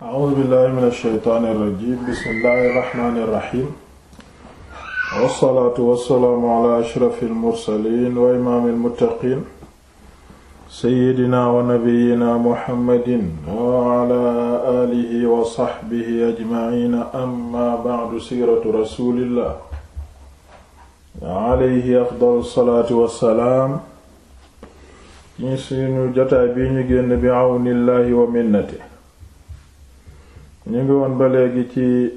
a'uuzu billahi mina shaytaani rajiim bismillahi rahmaani rahiim wassalaatu wassalaamu ala ashrafil mursaliin wa imaamil muttaqiin sayyidinaa wa nabiyyinaa muhammadin wa ala aalihi wa sahbihi ajma'iin amma ba'du siiratu rasuulillah alayhi afdalu salaatu wassalaam ñi suñu jotaay bi ñu génn bi awnillahi wa minnati ñu ngi woon ba léegi ci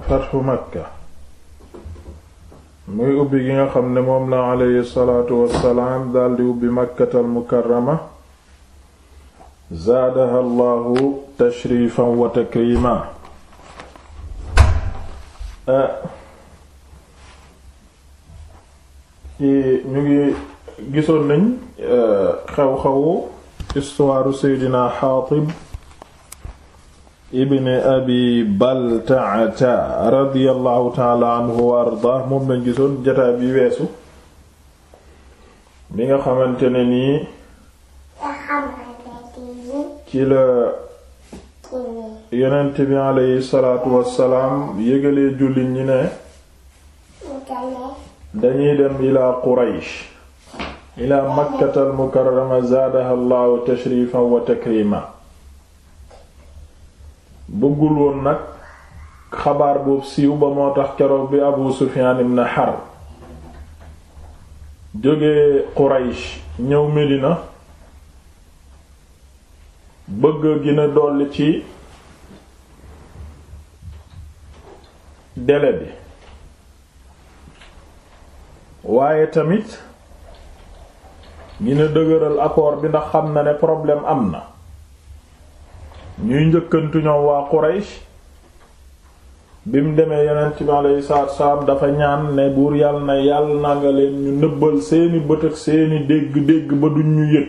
fatxu makka muy ubbi gi nga xam ne moom la aleyhi salaatu wassalaam daldi ubbi makkatal mukarrama zaadaha llahu tashrifan wa takrima ci ñu ngi gisoon nañ xew-xewu istuwaaru seydina xaatib ibn abi baltaata radiallahu taala anhu wa ardaa moom lañ gisoon bi weesu bi nga xamante ne nii ci la yonent bi aleyhi salaatu wassalaam yëgalee jullit ñi ne dañuy dem ilaa quraysh ilaa makkatal mukarrama zaadaha allahu tashrifan wa takrima bëggul woon nag xabaar boobu siiw ba moo tax keroog bi Abu Sufyan ibn Harb jóge Quraysh ñëw Medina bëgg gina dolli ci délai bi waaye tamit gina dëgëral akoor bi ndax xam na ne problème am na ñuy njëkkantu ñoom waa Quraysh bi mu demee yonent bi alayhi salaatu salaam dafa ñaan ne buur yàlla na yàlla na nga leen ñu nëbbal seeni bët seeni dégg-dégg ba duñ ñu yëg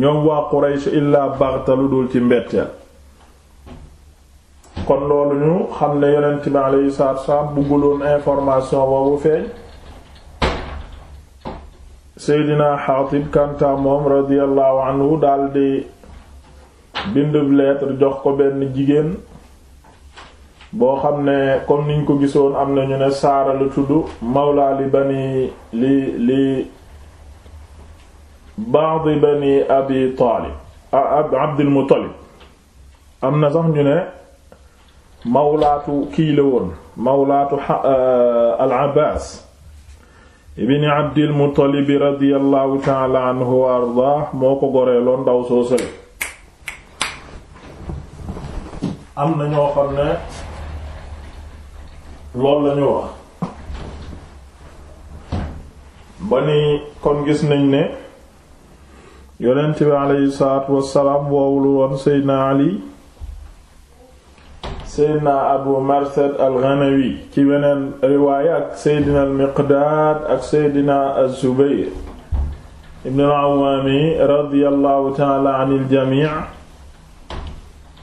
ñoom waa Quraysh illaa baxtalu dul ci mbetteel kon loolu ñu xam ne yonent bi alayhi salaatu information boobu feeñ Seydina Xaatib Kanta moom radiyallahu anhu daldi bindub lettre jox ko benn jigéen boo xam ne comme niñ ko gisoon am na ñu ne Saara lu tudd mawla li bani li li ba'd bani abi Taalib Abdul Muttalib am na sax ñu ne mawlaatu kii la woon mawlaatu al Abbaas ibni Abdul Muttalib radiyallahu ta'ala anhu wa ardaa moo ko goreeloon ndaw soo sële am na ñoo xam ne loolu la wax ba ni kon gis nañ ne yonent bi aleyhi salaatu wassalaam woowul woon Seydina Ali Seydina Abu Marsad al-Ghanawi ci weneen riwaaya ak Seydina al-Miqdaad ak Seydina az-Zubayr ibn al-Awwaami radiyallahu ta'ala anil jamii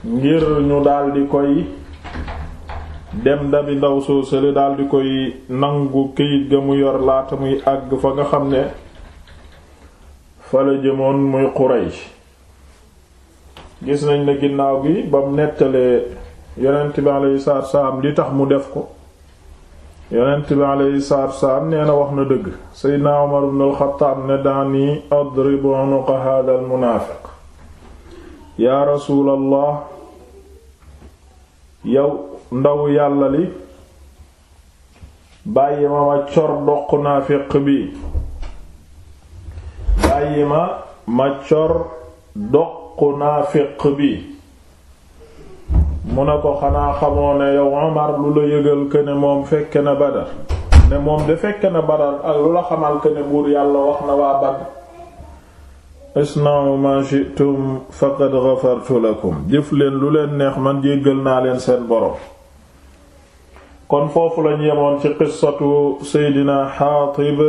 ngir ñu daldi koy dem dabi ndaw soo sële daldi koy nangu këyit ga mu yor laata muy àgg fa nga xam ne fa la jëmoon muy Quraysh gis nañ ne ginnaaw gi bam nettalee yonent bi alayhi salaatu salaam li tax mu def ko yonent bi alayhi salaatu salaam nee na wax na dëgg Seydina Umar ibn al-Khattab ne daani adribu unuqa haadha al-munaafiq yaa rasuulallah yow ndaw yàlla li bàyyi ma ma cor doq naafiq bi bàyyi ma ma cor doq naafiq bi mu na ko xanaa xamoo ne yow Omar lu la yëgal que ne moom fekke na Badar ne moom de fekke na Badar ak lu la xamal que ne buur yàlla wax na waa Badar isna'u ma shi'tum faqad ghafartu lakum jëf leen lu leen neex man jéggal naa leen seen borom kon foofu lañu yemoon ci qissatu seydina xaatib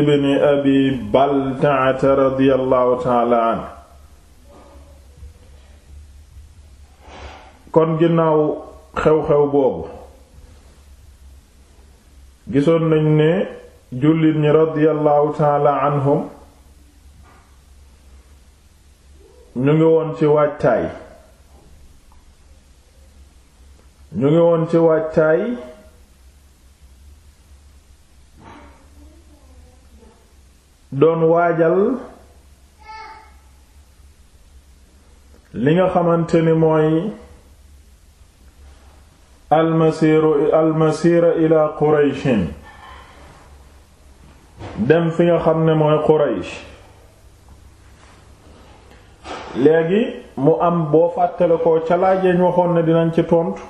ibn abi baltaata radiyallahu taala an kon ginnaaw xew-xew boobu gisoon nañ ne jullit ñi radiyallahu taala anhum ñu ngi woon ci waajtaay ñu ngi woon ci waajtaay doon waajal li nga xamante ni mooy almasiru almasira ila qurayshin dem fi nga xam ne mooy quraysh léegi mu am boo fàttale ko ca laajeeñ waxoon na dinañ ci tontu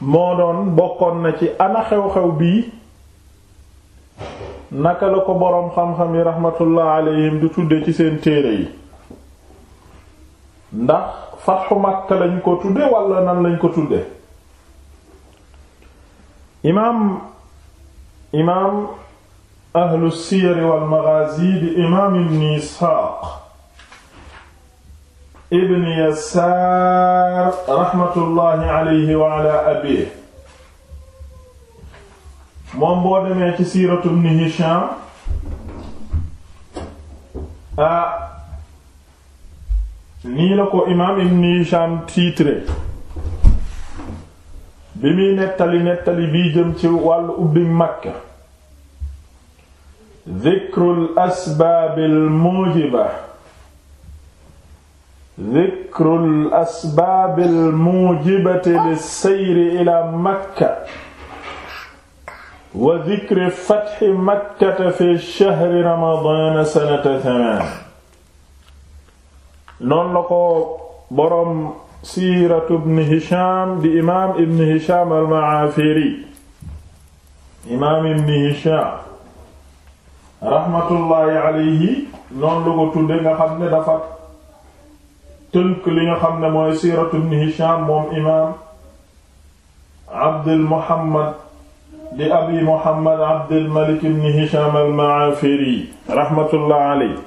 moo doon bokkoon na ci ana xew-xew bii naka la ko boroom xam-xam yi rahmatullah alayhim du tudde ci seen téere yi ndax fatxu Makka lañ ko tudde wala nan lañ ko tudde imaam imaam ahlu siyar wal maghazi di imaam ibn Isxaaq ibn yasaar raxmatullahi alayhi wa ala abiihi moom boo demee ibn hisham ah nii la ko imaam ibn hisham titre bi muy nettali nettali bii jëm ci wàllu ubbi makka dhikrul asbaabil dikrul asbaabil muujibati lissayri ilaa makka wa dikri fatxi makkata fi shahri ramadaan sanata thamaan noonu la ko boroom siiratu ibn Hisham di imaam ibn Hisham al-Maafiri imaam ibn Hisham raxmatullaahi alayhi noonu la ko tudde nga xam ne dafa tënk li nga xam ne mooy siiratu ibn Hisham moom imaam Abdul Muhammad di abi Muhammad Abdul Malik ibn Hisham al-Ma'afiri rahmatullah alayhi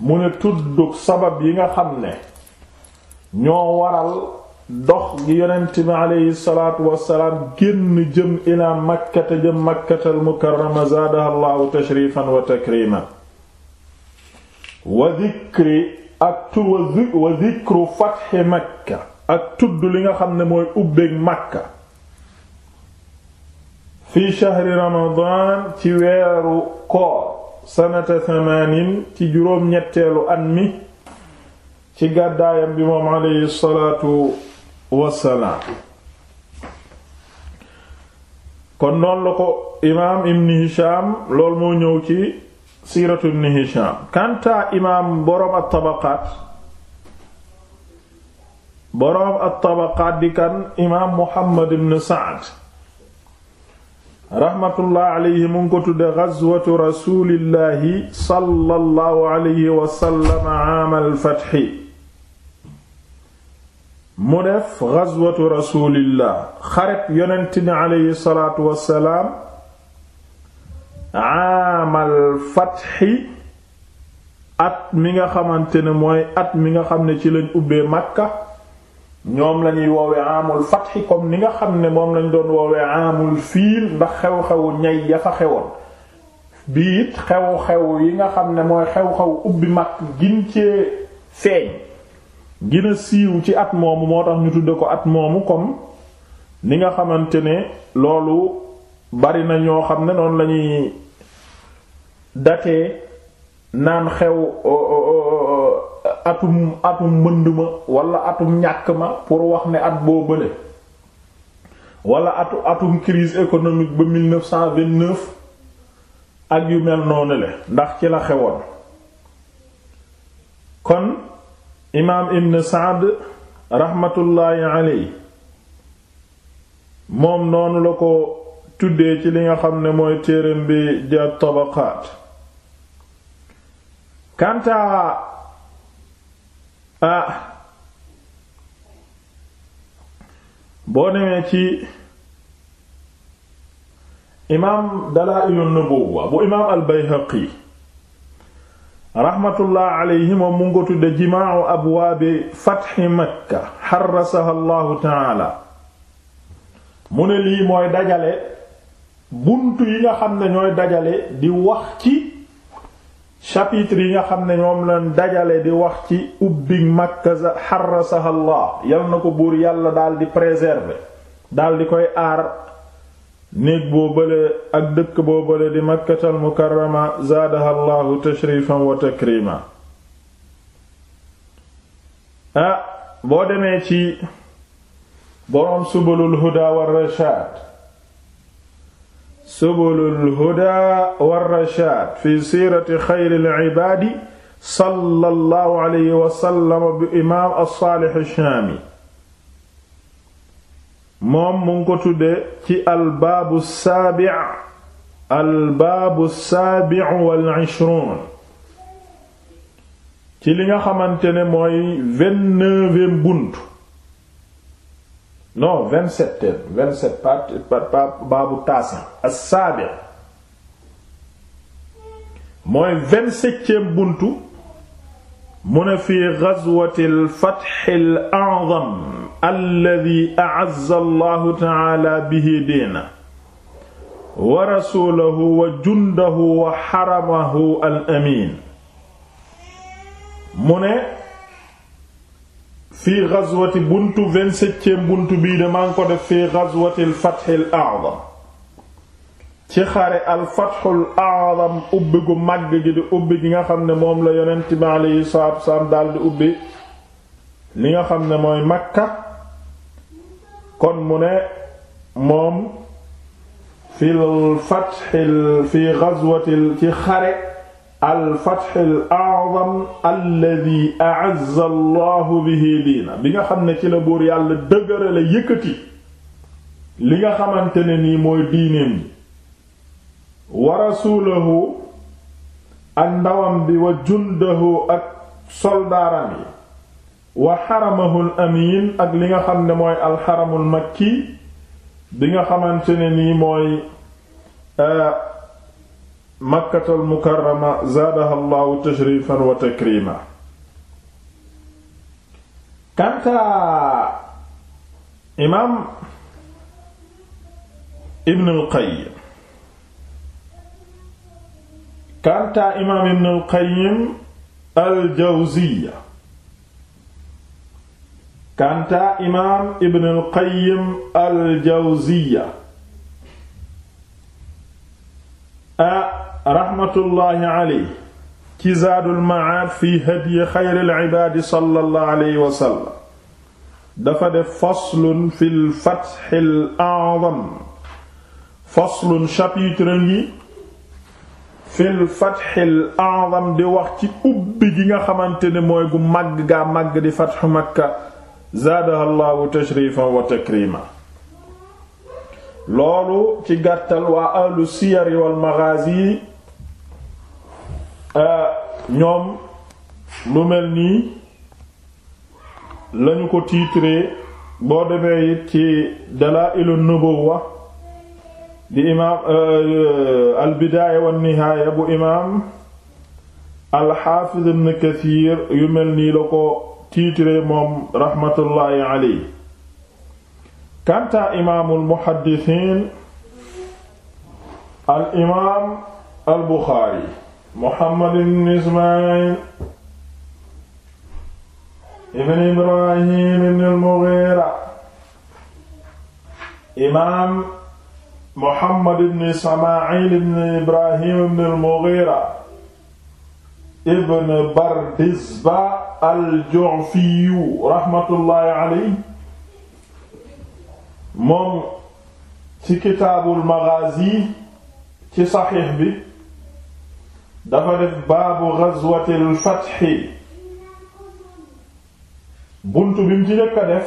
mu ne tuddug sabab yi nga xam ne ñoo waral dox gi yonent bi aleyhi salaatu wassalaam génn jëm ilaa makkata jëm makkatal mukarrama zaadaha allahu tashrifan wa takriman wa dhikri ak tur wa zikru fatxi makka ak tudd li nga xam ne mooy ubbeeg makka fi shahri ramadan ci weeru koor sanata thamaanin ci juróom ñetteelu at mi ci gàddaayam bi moom aleyhi salaatu wassalaam kon noonu la ko imaam ibn hisham lool moo ñëw ci siiratu ibn Hisham kanta imaam boroom at-Tabaqaat boroom at-Tabaqaat di kan imaam Muhammad ibn Sa'd raxmatullah alayhi mu ngi ko tudde gazwatu rasuulillahi sallallahu alayhi wa sallam aam al-fath mu def gazwatu rasuulillah xaret yonent bi alayhi salaatu wa salaam aamal fatxi at mi nga xamante ne mooy at mi nga xam ne ci lañ ubbee Makka ñoom lañuy woowe aamul fatxi comme ni nga xam ne moom lañ doon woowe aamul fiil ndax xew-xewu ñay ya xewoon bii xew-xew yi nga xam ne mooy xew-xew ubbi Makka gin cee feeñ gën siiw ci at moomu moo tax ñu tudde ko at moomu comme ni nga xamante ne loolu bari na ñoo xam ne noonu lañuy datee naan xew atum atum mbënd ma wala atum ñàkk ma pour wax ni at boo bële wala atu atum crise économique ba ak yu mel noonu le ndax ci la xewoon kon imaam ibn Saad raxmatullaahi alayhi moom noonu la ko tuddee ci li nga xam ne mooy téereem bi di Tabaqaat kanta ah boo demee ci imaam dalaa'ilun nubuwwa bu imaam al-Bayhaqi raxmatullah alayhi mu ngi ko tudde jimaa'u abwaabi fatxi Makka xarasaha Allahu taala mu ne lii mooy dajale buntu yi nga xam ne ñooy dajale di wax ci chapitre yi nga xam ne ñoom lañ dajale di wax ci ubbi Makka xarasaha Allah yal na ko buur yàlla daal di préserver daal di koy aar néeg boo bële ak dëkk boo bële di Makkatal Mukarrama zaadaha Allahu tashrifan wa takrima ah boo demee ci boroom Subulul Huda war Rashad subulul hudaa war rashaad fi siirati xayril ibaadi sallallahu alayhi wa sallam bi imaam as-Saalih ash-Shaami moom mu ngi ko tudde ci albaabu saabi' albaabu saabi' wal ishruun ci li nga xamante ne mooy vingt-neuvième buntu non vingt-sept teen vingt-sept pa pa baabu taasin as-sabi' mooy vingt-septième buntu mu ne fii ghazwati al-fath al-a'zam alladhi a'azza Allahu ta'ala bihi diina wa rasulahu wa jundahu wa haramahu al-amin mu ne fii ghazwati buntu vingt-septième buntu bii de maa ngi ko def fii ghazwati al-fathi ci xare al-fathu al ubbi gu màgg gi di ubbi gi nga xam ne moom la yonent bi alayhi salaatu wasalaam daldi ubbi li nga xam ne mooy Makka kon mu ne moom fii al-fathi ci xare alfatx alazam alladi aazza allahu diina bi nga xam ne ci la buur yàlla dëgërale yëkkati li nga xamante ne nii mooy diineem bi wa rasuulahu ak ndawam bi wa jundahu ak soldaaram yi wa xaramahu amiin ak li nga xam ne mooy alxaramul makki bi nga xamante ne nii mooy eh, makkatal mukarrama zaadaha allahu tashrifan wa takrima kantaa imaam ibn al qayyim kantaa imaam ibn al qayyim al jawziya kantaa imaam ibn al qayyim al jawziya a raxmatullaahi aley ci zaadul macaad fi hadyi xayril cibaadi sallallahu alayhi wa sallam dafa def faslun fil fatxil acdam faslun chapitre ngi fil fatxil acdam di wax ci ubbi gi nga xamante ne mooy gu màgg gaa màgg di fatxu makka zaadaha llaahu tashrifan wa takrima loolu ci gàttal waa ahlu siyari wal magaazi Euh, ñoom lu mel nii lañu ko tiitree boo demee it ci Dalaa'ilun Nubuwwa di imaam euh, al-Bidaaya wan-Nihaaya yu mel nii la ko tiitree moom raxmatullaahi alayhi kantaa imaamul muhaddisiin al imaam al-Buxaari Muhammad ibn Ismaayil ibn Ibrahim ibn al-Mughira imaam Muhammad ibn Ismaayil ibn Ibrahim ibn al-Mughira ibn Bardizba al-Ju'fiyu raxmatullaahi alayhi moom ci kitaabul Maghaazi ci saxiix bi dafa def baabu ghazwatil fathi bunt bi mu ci njëkk a def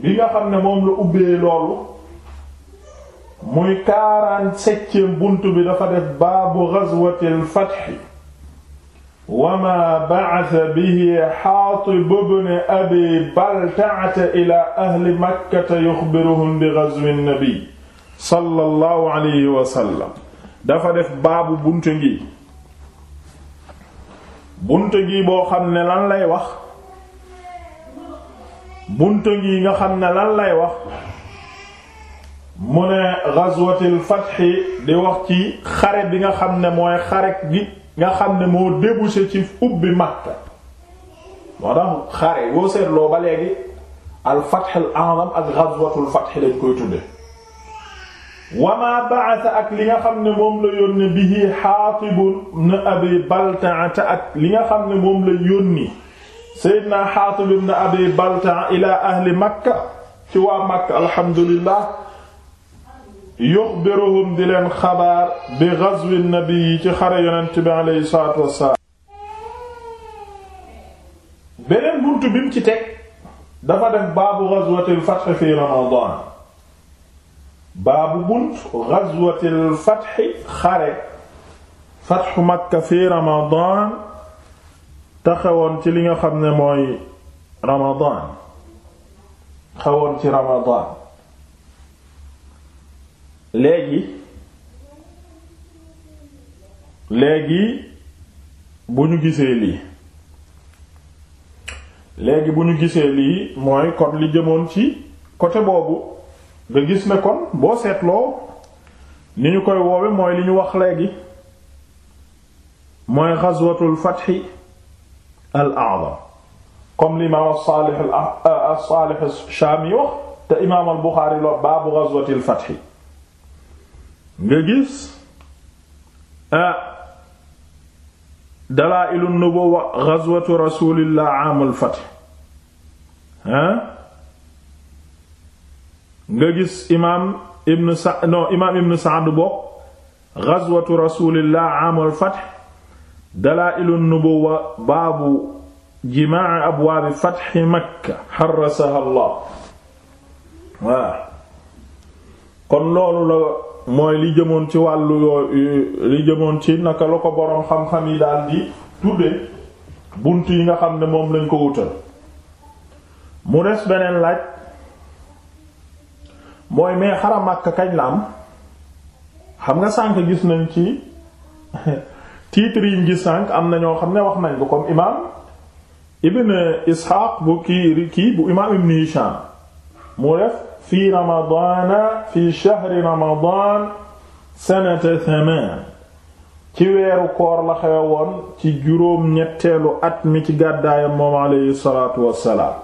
bi nga xam ne moom la ubbee loolu muy quarante-septième bunt bi dafa def baabu ghazwatil fathi wa ma ba'atha bihi Haatib ibn Abi Balta'a ila ahli Makkata yukhbiruhum bi ghazwin nabi sallallahu alayhi wa sallam dafa def baabu bunt ngi bunt ngi boo xam ne lan lay wax bunt ngi nga xam ne lan lay wax mu ne ghazwatil fathi di wax ci xare bi nga xam ne mooy xare bi nga xam ne moo débouché ci ubbi Makka moo tax xare yoo seetloo ba léegi al fath al ak ghazwatul fath lañ koy tudde wa maa ba'atha ak li nga xam ne moom la yónni bihi Haatib ibn Abi Balta'a ak li nga xam ne moom la yónni Seydina Haatib ibn Abi Balta'a ila ahli Makka ci waa Makka alhamdulillah yuxbiruhum di leen xabaar bi ghazwi nabi ci xare yonent bi alayhi salaatu wassalaam beneen buntu bi mu ci teg dafa def baabu ghazwatil fath fi Ramadan baabu bunt ghazwatil fatxi xare fatxu makka fi ramadan taxawoon ci li nga xam ne mooy ramadan xawoon ci ramadan léegi léegi bu ñu gisee lii léegi bu ñu gisee lii mooy kon li jëmoon ci côté boobu nga gis ne kon boo seetloo ni ñu koy woowe mooy li ñu wax léegi mooy ghazwatul fathi al a'zam comme l'imam as-salih euh, as-salih ash-shami wax te imam al-bukhari lo baabu ghazwatil fathi nga gis ah euh, dalaa'ilun nubuwwa ghazwatu rasulillah aamul fath ha nga gis imaam ibn sa non imaam ibn Sa'd bokk ghazwatu rasulillah amul fath dalaa'ilun nubuwwa baabu jimaa abwaabi fatxi makka xarasaha allah kon loolu la mooy li jëmoon ci wàllu yooyu li jëmoon ci naka la ko boroom xam-xam yi daal di tudde bunt yi nga xam ne moom lañ ko wutal mu des beneen laaj mooy mais xara Makka kañ la am xam nga sànq gis nañ ci titre yi ngi sànq am na ñoo xam ne wax nañ ko comme imaam Ibn Ishaq bu kii kii bu imaam Ibn Hisham mu def fi ramadana fi shahri ramadan sanata thaman ci weeru koor la xewe ci juróom ñetteelu at mi ci gàddaayam moom aleyhi salaatu wassalaam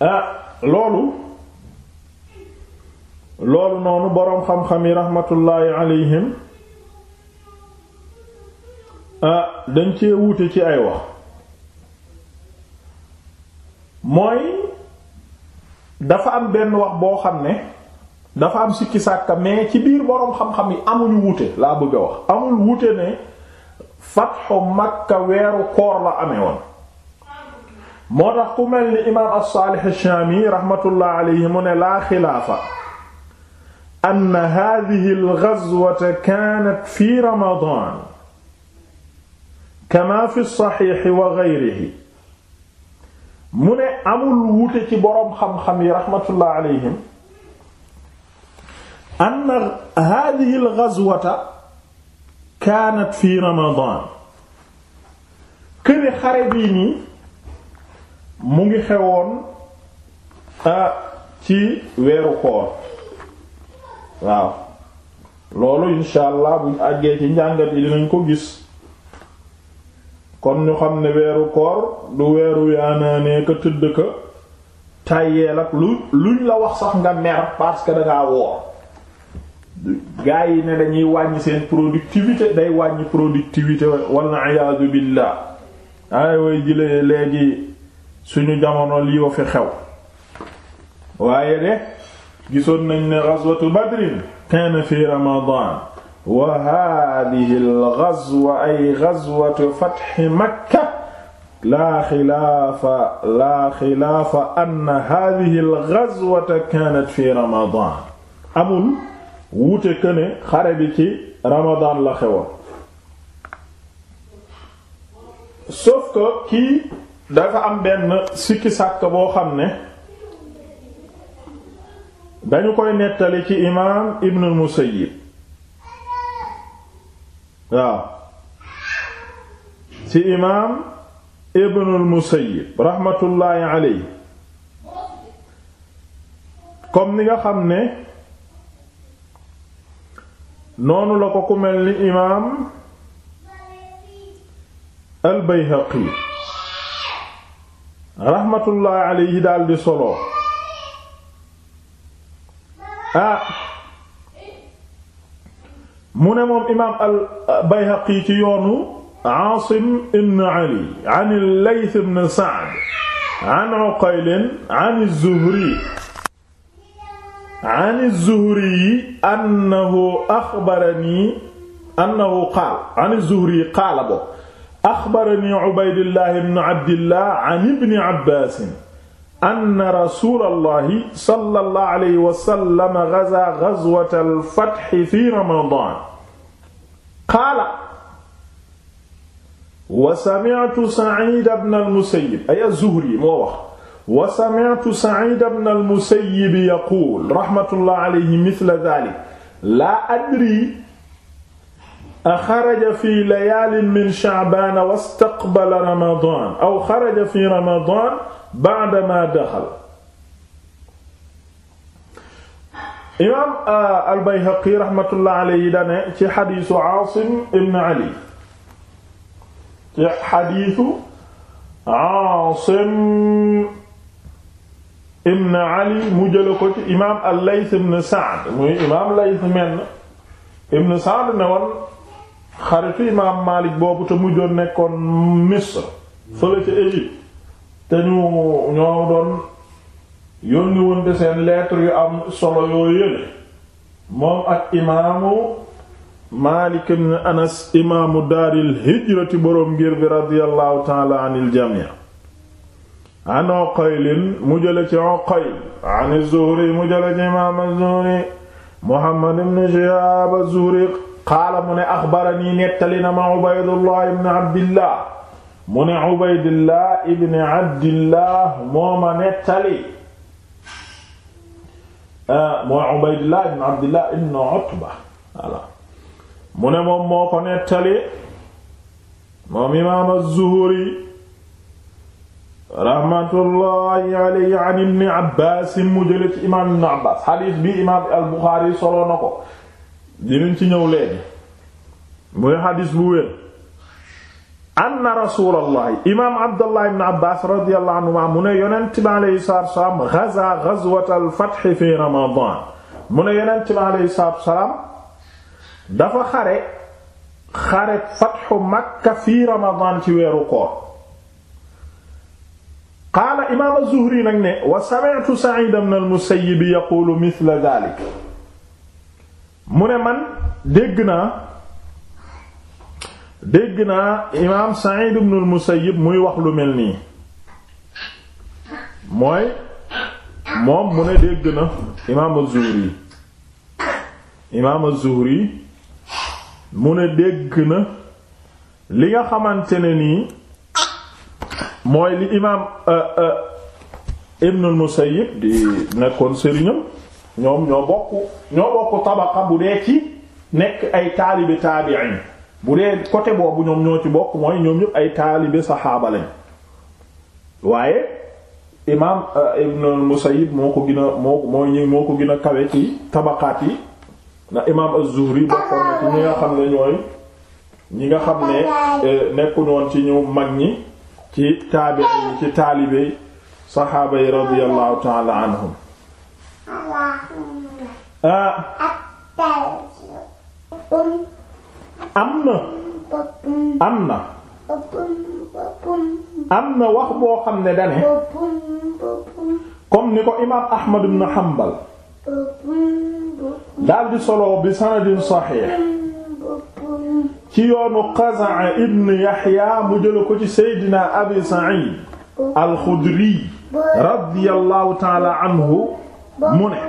ah, loolu loolu noonu boroom xam-xam yi raxmatullaahi alayhim ah, dañ cee wuute ci ay wax mooy dafa am benn wax boo xam ne dafa am sikki sàkka mais ci biir boroom xam-xam yi amuñu wuute laa bëgg a wax amul wuute ne fatxu Makka weeru koor la amee moo tax ku mel ni imaam as-Saalih ash-Shaami rahmatullah alayhi mu ne laa xilaafa anna haadihi al-ghazwata kaanat fi ramadaan kamaa fi as-saxiix wa ghayrihi mu ne amul wuute ci boroom xam-xam yi rahmatullah alayhim anna haadihi al-ghazwata kaanat fi ramadaan këne xare bii nii mu ngi xewoon ah, ci weeru koor waaw loolu insha allah buñ àggee ci njàngat yi dinañ ko gis kon ñu xam ne weeru koor du weeru yaanaanee ka tëdd ka tàyyeel ak lu luñ la wax sax nga mer parce que dangaa woor gaa ne dañuy wàññi seen productivité day wàññi productivité walla iyaatu billaah ay way jëlee léegi suñu jamono lii wa fi xew waaye de gisoon nañ ne ghazwatu badrin kaana fi ramadan wa hadhihi al ay ghazwatu fath makka laa xilaafa laa xilaafa anna hadhihi al-ghazwata fi ramadan amul wuute këne xare bi ci ramadan la xewoon sauf que kii dafa am benn sikki sàkk boo xam ne dañu koy nettali ci imaam ibnul musayyib waaw ci imaam ibnul musayyib raxmatullaahi alayhi comme ni nga xam ne noonu la ko ku mel ni imaam al bayhaqi raxmatullaahi alayhi daal di solo ah mu ne moom imaam al-Bayhaqi ci yoonu Aasim ibn Ali an al-Layth ibn Sa'd an Uqayl an az-Zuhri an az-Zuhri annahu axbarani annahu qaala an az-Zuhri qaala axbarani ubaydillah ibn abdillah an ibni abbaas anna rasuulallahi sallallahu alayhi wa sallam gazaa gazwatal fathi fi ramadaan qaala wa sami'tu Sa'iid ibn al-Musayyib ay az-Zuhri moo wax wa sami'tu Sa'iid ibn al-Musayyib yaquul rahmatullahi alayhi mithla dhaalik laa adrii axaraja fi layaalin min sha'baan wastaqbala ramadaan aw xaraja fi ramadaan ba'damaa daxala. imaam al-Bayhaqi rahmatullahi alayhi dane ci xadiisu Aasim ibn Ali ci xadiisu Aasim ibn Ali mu jële ko ci imaam al-Layth ibn Sa'd muy imaam Layth ibn Sa'd ne woon xaritu imaam Maalik boobu te mujjoon nekkoon Misr fële ca Égypte te ñu ñoo doon yónni woon de seen lettre yu am solo yoo yële moom ak imaamu Maalik ibn Anas imaamu daaril hijrati boroom ngir bi radiyallahu taala anil jamii an Uqaylin mu jële ci Uqayl an Zuhri mu jële ci imaam az-Zuhri Muhammad ibn Shihaab az-Zuhri qaala mu ne axbaranii nettali na ma Ubaydullah ibn Abdillah mu ne Ubaydullah ibn Abdillah mooma nettali ah, mooy Ubaydullah ibn Abdillah ibn Utba voilà mu ne moom moo ko nettali moom imaam az-Zuhri rahmatullahi alayhi an ibn Abbaas mu jële ci imaam ibn Abbaas xadiis bi imaam al-Buxaari soloo na ko dinañ ci ñëw léegi muy xadis bu wér anna rasulallahi imaam abdullah ibn abbas radiyallahu anhuma mu ne yonent bi aleyhi salaatu wasalaam gaza gazwatal fath fi ramadan mu ne yonent bi aleyhi salaatu wasalaam dafa xare xare fatxu makka fi ramadan ci weeru koor qaala imaam az-zuhri nag ne wa sami'tu sa'id ibn al-musayyib yaqulu mithla dhalik mu ne man dégg naa dégg naa imaam Sa'id ibn al-Musayyib muy wax lu mel nii mooy moom mu ne dégg na imaam az-Zuhri imaam az-Zuhri mu ne dégg na li nga xamante nii mooy li imaam euh, euh, ibn al di nekkoon sëriñam ñoom ñoo bokk ñoo bokk tabaqa bu dee ci nekk ay taalibe taabi'in bu dee côté boobu ñoom ñoo ci bokk mooy ñoom ñëpp ay taalibe saxaaba lañ waaye imaam euh, Ibn al-Musayyib moo ko gën a moo mooy moo ko gën a kawe ci tabaqaat yi ndax imaam az-Zuhri bokkoon ci ñi nga xam ne ñooy ñi nga xam ne euh, nekku woon ci ñu mag ñi ci taabi'in ci taalibe saxaaba yi radiyallahu ta'ala anhum Ah. am na am na am na wax boo xam ne dane comme ni ko imaam Ahmad ibn Hanbal daal di solo bi sanadin saxiix ci yoonu Qaza'a ibn Yahya mu jëla ko ci Seydina Abi Sa'id al-Khudri radiyallahu ta'ala anhu mu ne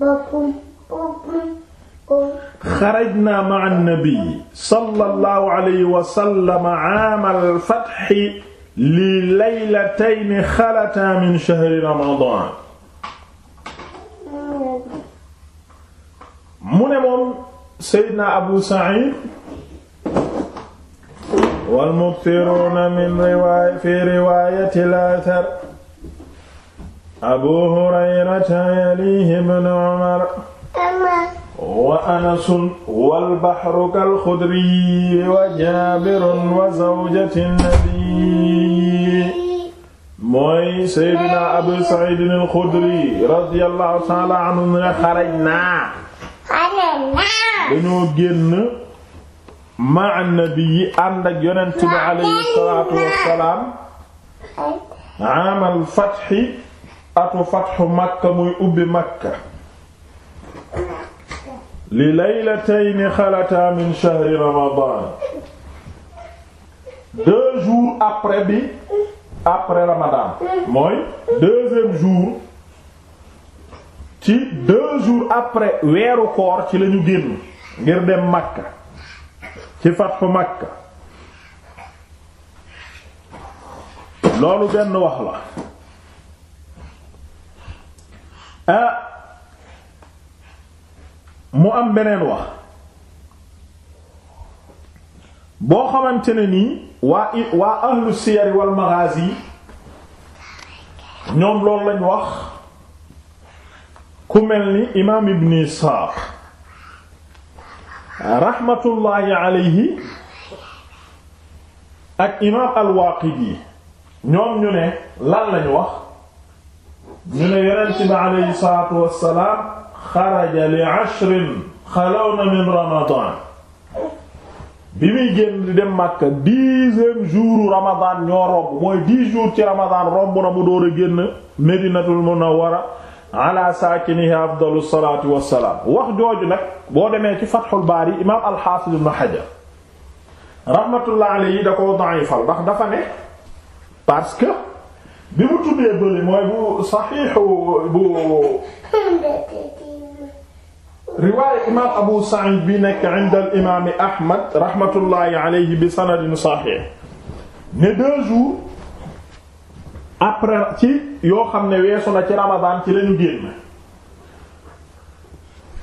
xarajnaa ma'a nabi sallallahu alayhi wa sallam aamal fatxi li laylatayni xalataa min shahri ramadaan mu ne moom Seydina Abu Saïd wal muktiruuna min riwaaya fi riwaayati al-athar abu hurayrata yalihi ibnu umar wa anasun walbaxru kalxudri wa jaabirun wa zawjati nabi mooy seydina abu saidin alxudri radiallahu taala anhu mu ne xaraj naa dañoo génn ma nabi yi ànd ak yonent bi alayhi salaatu wassalaam aamal fatxi atu fatxu makka muy ubbi makka li laylatayni xalataa min shahri ramadan deux jours après bi après ramadan mooy deuxième jour après weeru koor ci lañu génn ngir dem makka ci fatxu makka loolu benn wax la Ah. mu am beneen wax boo xamante ne nii waa waa ahlu siyar wal maghazi ñoom loolu lañ wax ku mel ni imaam ibn Isaaq rahmatullahi alayhi ak imaam al-Waaqidi ñoom ñu ne lan lañ wax ñu ne yonent bi aleyhi salaatu wassalaam xaraja li ashrin xalawna min ramadan bi muy génn di dem Makka dixième jour ramadan ñoo romb mooy dix jours ci ramadan romb na mu door a génn Medinatul Munawwara ala saakinihi afdalu salaatu wassalaam wax jooju nag boo demee ci Fathul Baari imaam al-Haafiz ibn Hajar rahmatullah alayhi da ko da'ifal ndax dafa ne parce que bi mu tuddee bële mooy bu saxiixu bu Abu Saïd bi nekk inda al imaam Ahmad rahmatullahi alayhi bi sanadin saxiix ne deux jours après yoo xam ne weesu na ci Ramadan ci lañu génn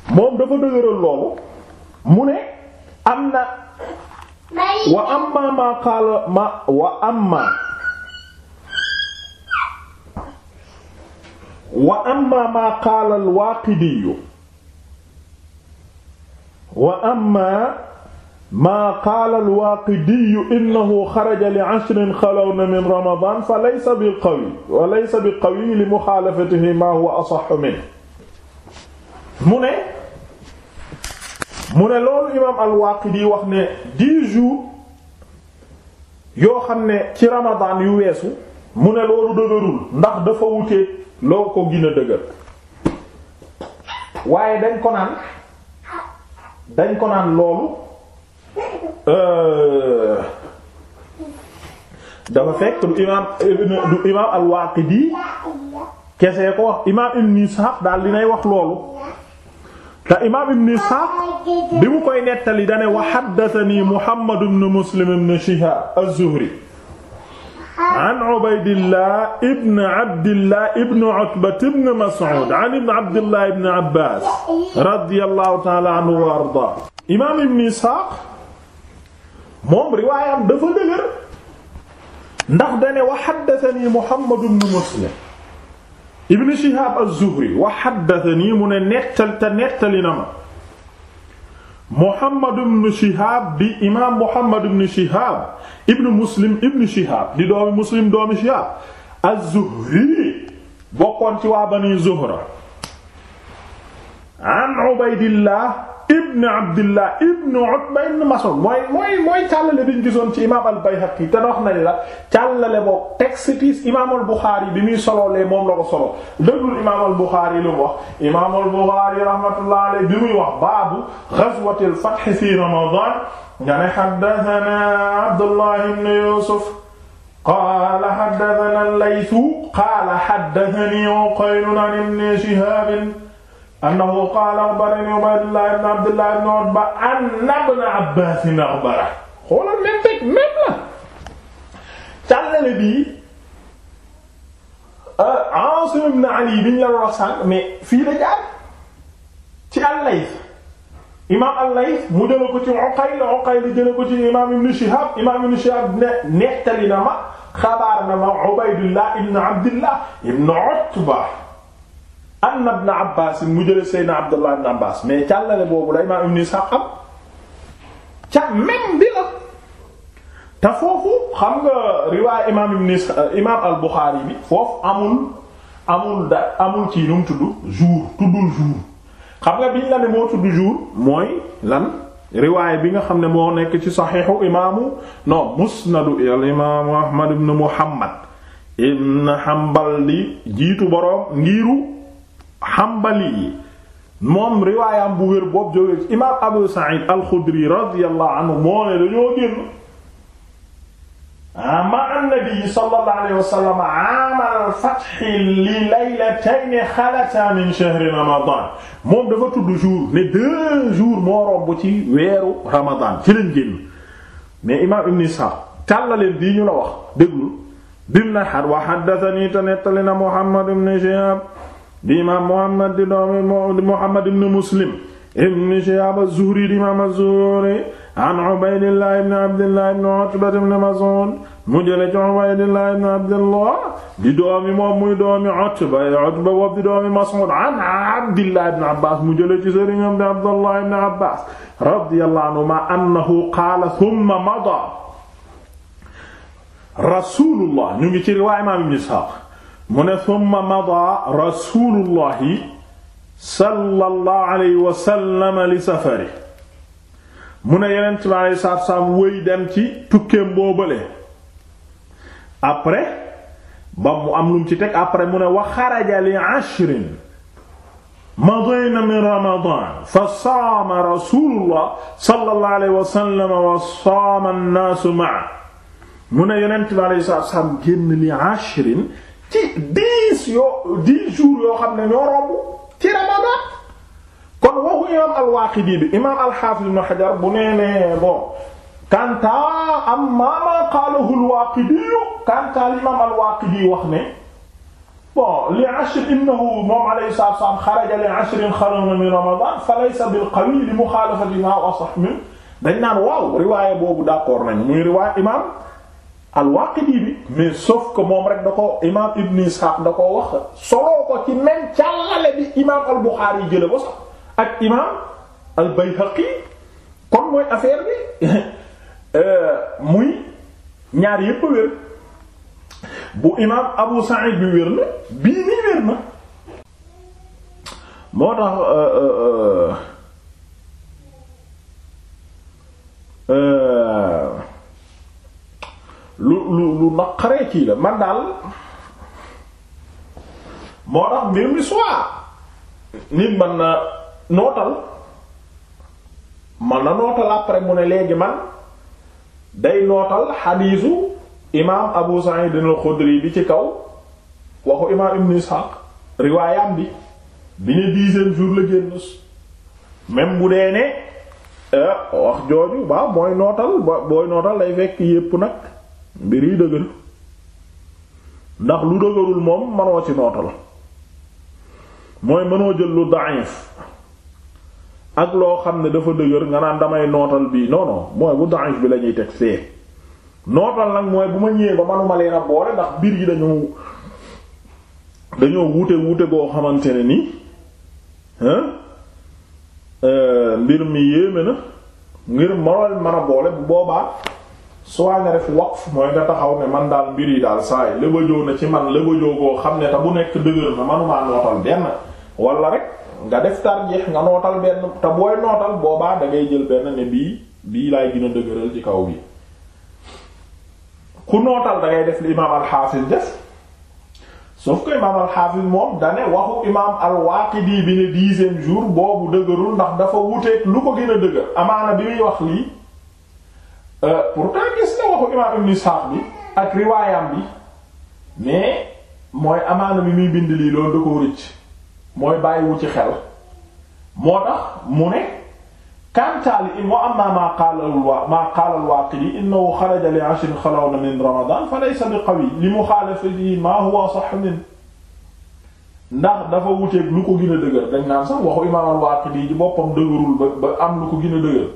moom dafa dëgëral loolu mu ne am na wa ma qaala ma wa amma maa qaala al-Waaqidi wa amma maa qaala al-Waaqidi innahu xaraja li ashrin xalawna min Ramadaan fa laysa bi qawi wa laysa bi qawi li muxaalafatihi maa huwa asahhu minhu mu ne mu ne loolu imaam al-Waaqidi wax ne dix jours yoo xam ne ci Ramadaan yu weesu mu ne loolu dëgërul ndax dafa wute loo ko gën a dëgër waaye dañ ko dañ ko naan loolu euh, dafa fekk du imaam du imaam ko wax imaam Ibn Ishaq daal dinay wax loolu te imaam Ibn Ishaq bi mu koy nettali dane wa haddathani Muhammad ibn Muslim ibn Shihab az-Zuhri an Ubaydillah ibn Abdillah ibn Utba ibn Mas'ud an ibn Abdillah ibn Abbas radiyallahu ta'ala anhu wa ardaa. imaam Ibn Ishaq moom riwaayam dafa dëgër ndax dane wa haddathani Muhammad ibn Muslim ibn Shihab az-Zuhri wa haddathani mu ne nettal te nettali na ma. Muhammad ibn Shihab di imaam Muhammad ibn Shihab ibn Muslim ibn Shihab di doomi Muslim doomi Shihab az-Zuhri bokkoon ci waa Bani Zuhra an Ubaydillah ibn abdillah ibn utba ibn mas'ud mooy mooy mooy càllale biñ gisoon ci imaam al bayhaqi te wax nañ la càllale boobu textitis imaam al buxaari bi muy soloolee moom la ko solo dëggul imaam al buxaari lu mu wax imaam al buxaari rahmatullah alayhi bi muy wax baabu ghazwatil fath fi ramadan nga ne haddathana abdullah ibn yusuf qaala haddathana al-layth qaala haddathani uqayl an ibn shihab annahu qaala axbarani Ubaydullah ibn Abdullah ibn Utba anna ibn Abbaas axbara xoolal même teg même la càllale bii euh, Aasim ibn Ali biñ la wax sànq mais fii la jaar ci al-Layth imaam al-Layth mu jëla ko ci Uqayl Uqayl jëla ko ci imaam ibn Shihab imaam ibn Shihab ne nettali na ma xabaar na ma Ubaydullah ibn Abdullah ibn Utba anna ibn Abbas mu jëlee Seydina Abdullah ibn Abbas mais càllale boobu la imaam Ibn Ishaq am ca même bi la te foofu xam nga riwaay imaam Ibn Ishaq euh, imaam al-Bukhari bi foofu amul amul da amul ci nu mu tudd jour tuddul jour xam nga biñ la ne moo tudd jour mooy lan riwaay bi nga xam ne moo nekk ci saxiixu imaamu non musnadu imaamu Ahmad ibn Muhammad ibn Hanbal di jiitu boroom ngiru. Hanbali yi moom riwaayam bu wér boobu jógee ci imaam Abu Sa'id al-Khudri radiyallahu anhu moo ne dañoo génn ah, ma'a an-nabi sallallahu alayhi wa sallam 'aama al-fath li laylatayn xalataa min shahri Ramadan moom dafa tudd jour ne deux jours moo romb ci weeru Ramadan ci lañ génn mais imaam Ibn Ishaq tàllaleen bii ñu la wax déglu bim na xar wa haddathani te nettali na Muhammad ibn Shihab di imaam Muhammad di doomi Muhammad ibn Muslim ibn Shihaab az-Zuhri di imaam az-Zuhri an Ubaydillah ibn Abdillah ibn Utba ibn Mas'ud mu jële ci Ubaydillah ibn Abdillah di doomi moom muy doomi Utba Utba boobu di doomi Mas'ud an Abdillah ibn Abbas mu jële ci sëriñam di Abdullah ibn Abbas radiyallahu anhuma annahu qaala thumma madaa Rasulullah ñu ngi ci riwaaya imaam Ibn Ishaq mu ne summa madaa rasuulullahi sallallahu alayhi wa sallam li safari mu ne yonent bi alayhi salaatu wa salaam wéy dem ci tukkeem boobale après ba mu am lu mu ci teg après mu ne wa xaraja li ashrin madayna min ramadan fa saama rasulullah sallallahu alayhi wa sallam wa saama an-naasu ma'a mu ne yonent bi alayhi salaatu wa salaam génn li ashrin ci dix yoo dix xam ne ñoo romb ci Ramadan kon waxu imaam al-Waaqidi bi imaam al-Haafiz Hajar bu nee nee bon kantaa ma qaalahu al-Waaqidi kantaa imaam al-Waaqidi wax ne bon li ashr innahu moom alayhi li ashrin xarama min Ramadan fa laysa bil qawi li muxaalafati ma asah min dañ naan waaw riwaaya boobu d'accord nañ muy riwaaya imaam al-Waaqidi bi mais sauf que moom rek da ko imaam Ibn Ishaq da ko wax soloo ko ci même càllale bi imaam al-Buxaari yi jële ak imaam al kon mooy affaire bi euh, muy ñaar yépp wér bu imaam Abu Sa'id bi wér na bii nii wér na moo tax euh, euh, lu lu lu naqaree kii la man daal moo tax mbir mi soit nit man na nootal man na nootal après mu ne léegi man day nootal xadiisu imaam Abu Sa'id al-Khudri bi ci kaw waxu imaam Ibn Ishaq riwaayam bi bi ne dixième jour la génn même bu dee ne euh, wax jooju waaw mooy nootal booy nootal lay fekk yépp nag mbir yi dëgër ndax lu dëgërul moom manoo ci nootal mooy mënoo jël lu daif ak loo xam ne dafa dëgër nga naan damay nootal bii non mooy bu daif bi lañuy teg fee nootal nag mooy bu ma ñëwee ba manuma leen a boole ndax mbir yi dañoo dañoo wuute wuute goo xamante ne ni euh, mbir mi yéeme na ngir mënoo leen mën a boole bu boobaa. soit nga def waqf mooy nga taxaw ne man daal mbir yi daal saa yi lëbëjoo na ci man lëbëjoo koo xam ne te bu nekk dëgër na manumaa nootal benn wala rek nga def tarjeex nga nootal benn te booy nootal boobaa da ngay jël benn ne bii bii laay gën a dëgëral ci kaw bi ku nootal da def li imaam alxaafis def sauf que imaam alxaafis moom dane waxu imaam alwaaqidi bi ne dixième jour boobu dëgërul ndax dafa wuteeg lu ko gën a dëgër amaana bi muy wax lii Euh, pourtant gis na waxu imaam ibn Ishaq bi ak riwaayam bi mais mooy amaana bi muy bind lii loolu da koo rëcc mooy bàyyiwu ci xel moo tax mu ne kantaali in wa amma maa qaala maa qaala al-Waaqidi innahu xaraja li ashrin xalawna min Ramadan fa laysa bi qawi li muxaalafatihi maa huwa sahh min ndax dafa wuteeg lu ko gën a dëgër dañ naan sax waxu imaam al-Waaqidi boppam dëgërul ba ba am lu ko gën dëgër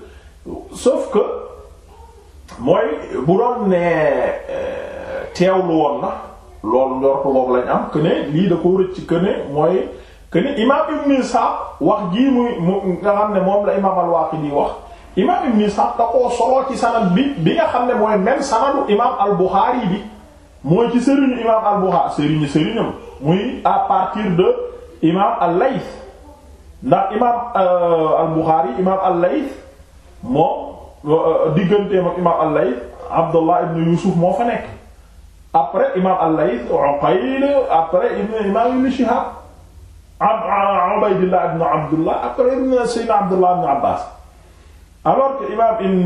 sauf que mooy bu doon ne euh, teewlu woon na loolu njortu boobu lañ am que lii da ko rëcc que mooy que ne imaam Ibn Ishaq wax jii muy mu nga xam ne moom la imaam al-Waaqidi wax imaam Ibn Ishaq da koo soloo ci sanad bi bi nga xam ne mooy même sanadu imaam al-Bukhari bi mooy ci sëriñu imaam al-Bukhari sëriñu sëriñam muy à de imaam al-Layth ndax imaam euh, al-Bukhari imaam al-Layth moom. digganteem ak imaam al-Layth Abdullah ibn Yusuf moo fa nekk après imaam al-Layth Uqayl après imaam ibn Shihab Ubaydillah ibn Abdullah après Sayyidina Abdullah ibn Abbas alors que imaam ibn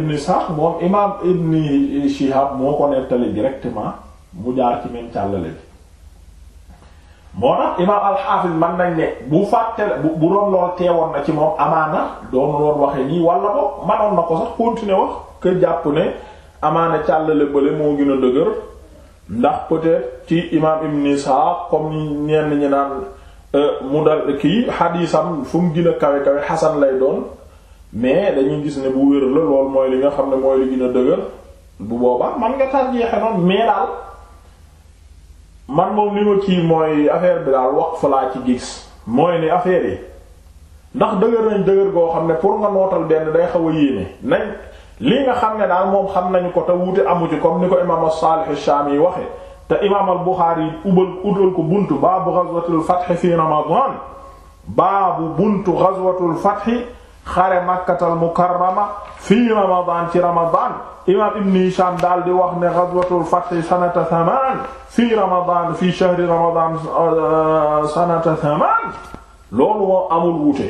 ibn Ishaq moom imaam ibn Shihab moo ko nettali directement mu jaar ci même càllale bi moo tax imaam alxaafis man nañ ne bu fàtte bu doon lool teewoon na ci moom amaana doonu loon waxee nii wala bo manoon na ko sax continuer wax que jàpp ne amaana càllale bële moo gën a dëgër ndax peut ci imaam ibn Isaaq comme ñenn ñi naan euh, mu dal kii xadiisam fu mu gën a kawe kawe xasan lay doon mais dañuy gis ne bu wér la mooy li nga xam ne mooy li gën a dëgër bu boobaa man nga tarjeexe noonu mais daal man moom li ma kii mooy affaire bi daal waqf laa ci gis mooy ni affaire yi ndax dëgër nañ dëgër goo xam ne pour nga nootal benn day xaw a yéeme nañ li nga xam ne daal moom xam nañu ko te wuute amu ci comme ni ko imaam as-Salih ash-Shami waxe te imaam al yi ubal udal ko buntu baabu ghazwatul fath fi ramadan baabu buntu ghazwatul fath xare makkatal mukarrama fii ramadan ci ramadan imam ibn hisham daal di wax ne ghazwatul fath sanata thaman fii ramadan fii shahri ramadan euh, sanata thaman loolu moo amul wuute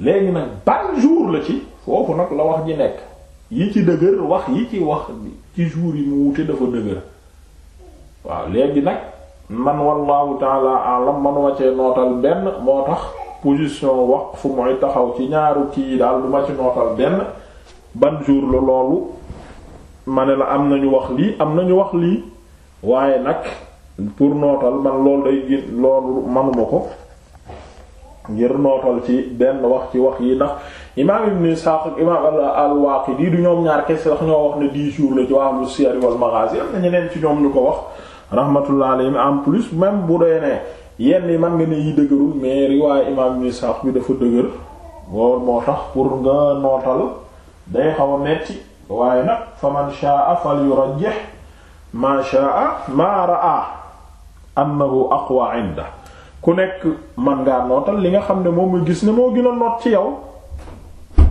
léegi nag ban jour la ci foofu nag la wax ji nekk yi ci dëgër wax yi ci wax ci jour yi mu wuute dafa dëgër waaw léegi nag man wallahu taala alam man wacce nootal benn moo tax position waqf mooy taxaw ci ñaaru kii yi daal du ma ci nootal benn ban jour la loolu ma ne la am nañu wax lii am na ñu wax lii waaye nag pour nootal man loolu day gén loolu manuma ko ngir nootal ci benn wax ci wax yi ndax imaam ibn Isaaq ak imaam al-Waaqidi du ñoom ñaar kese sax ñoo wax ne dix jours la ci wàllu siyar wal maghaazi am na ñeneen ci ñoom ñu ko wax rahmatullah alayhim en plus même bu dee ne yenn yi man nga ne yi dëgërul mais riwaayu imaam ni bi dafa dëgër loolu moo tax pour nga nootal day xaw a metti waaye nag fa man shaa fal yurajjih ma shaa ma raa annahu aqwa inda ku nekk man ngaa nootal li nga xam ne moom mu gis ne moo gën a noot ci yow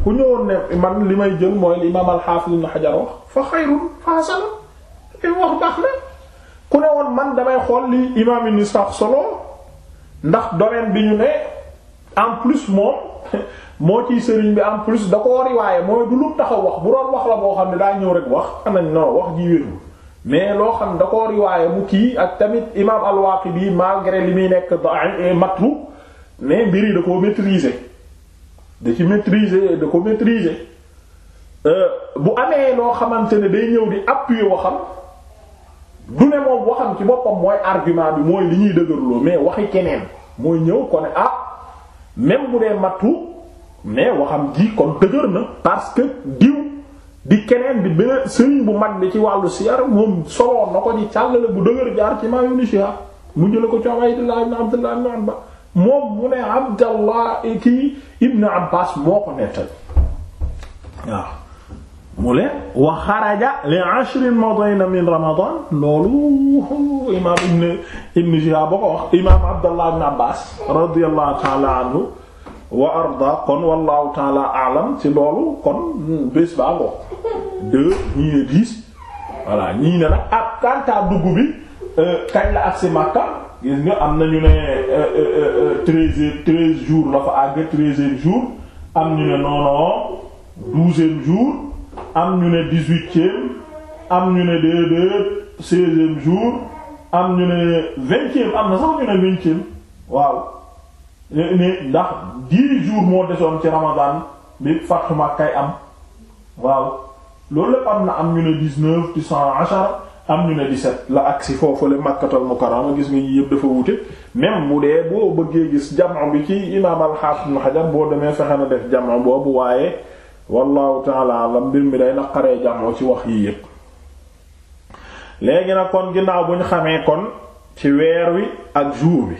ku ñëwoon ne man li may jël mooy li imaam al-Hafiz Ibn solo ndax domaine bi ñu ne en plus moom moo ciy sëriñ bi en plus da ko riwaaye mooy du lu taxaw wax bu doon wax la boo xam ne daa ñëw rek wax anañ non wax ji mais loo xam da ko riwaaye mu kii ak tamit imam al-Waqidi malgré li muy nekk matru mais mbir yi da ko maîtriser da ci maîtriser da ko maîtriser euh, bu amee loo xamante ne day ñëw di appuyer waxam du ne moom waxam ci boppam mooy argument bi mooy li ñuy dëgërloo mais waxi keneen mooy ñëw ko ne ah même bu dee mattu mais waxam ji kon dëgër na parce que diw di keneen bi beneen sëriñ bu mag bi ci wàllu siyar moom soloon na ko ci càllale bu dëgër jaar ci maa yu nisha mu jëla ko ci Abdullah ibn Abdullah ibn Abba moom mu ne Abdallah kii Ibn Abbas moo ko nettal waaw mu leen wa xaraja li ashrin madayna min ramadan loolu imaam ibn ibn Shihab ba ko wax imaam Abdallah ibn Abbas radiyallahu ta'ala anhu wa arda kon wallahu ta'ala a'lam ci loolu kon bés ba ngo deux ñii ne dix voilà ñii ne nag ak kantaa dugg bi euh, kañ la ak si Makka gis nga am nañu ne euh, euh, treize treize jours la fa àgg treizième jour am ñu ne non non jour am ñu ne dix-huitième am ñu ne déedéet seizième jour am ñu ne vingtième am na sax ñu ne vingtième waaw ne ndax dix jours moo desoon ci ramadan bi fatxu Makkay am waaw loolu lépp am na am ñu ne dix-neuf ci cent achar am ñu ne dix-sept la agsi foofu la Makkatal Mukarrama gis nga yëpp dafa wute même bu dee boo bëggee gis jamono bi ci imaam al-Hafiz boo demee fexe na def jamono boobu waaye wallahu taala alam mbir mi day naqaree jàmmoo ci wax yii léegi nag kon ginnaaw bu ñu xamee kon ci weer wi ak jour bi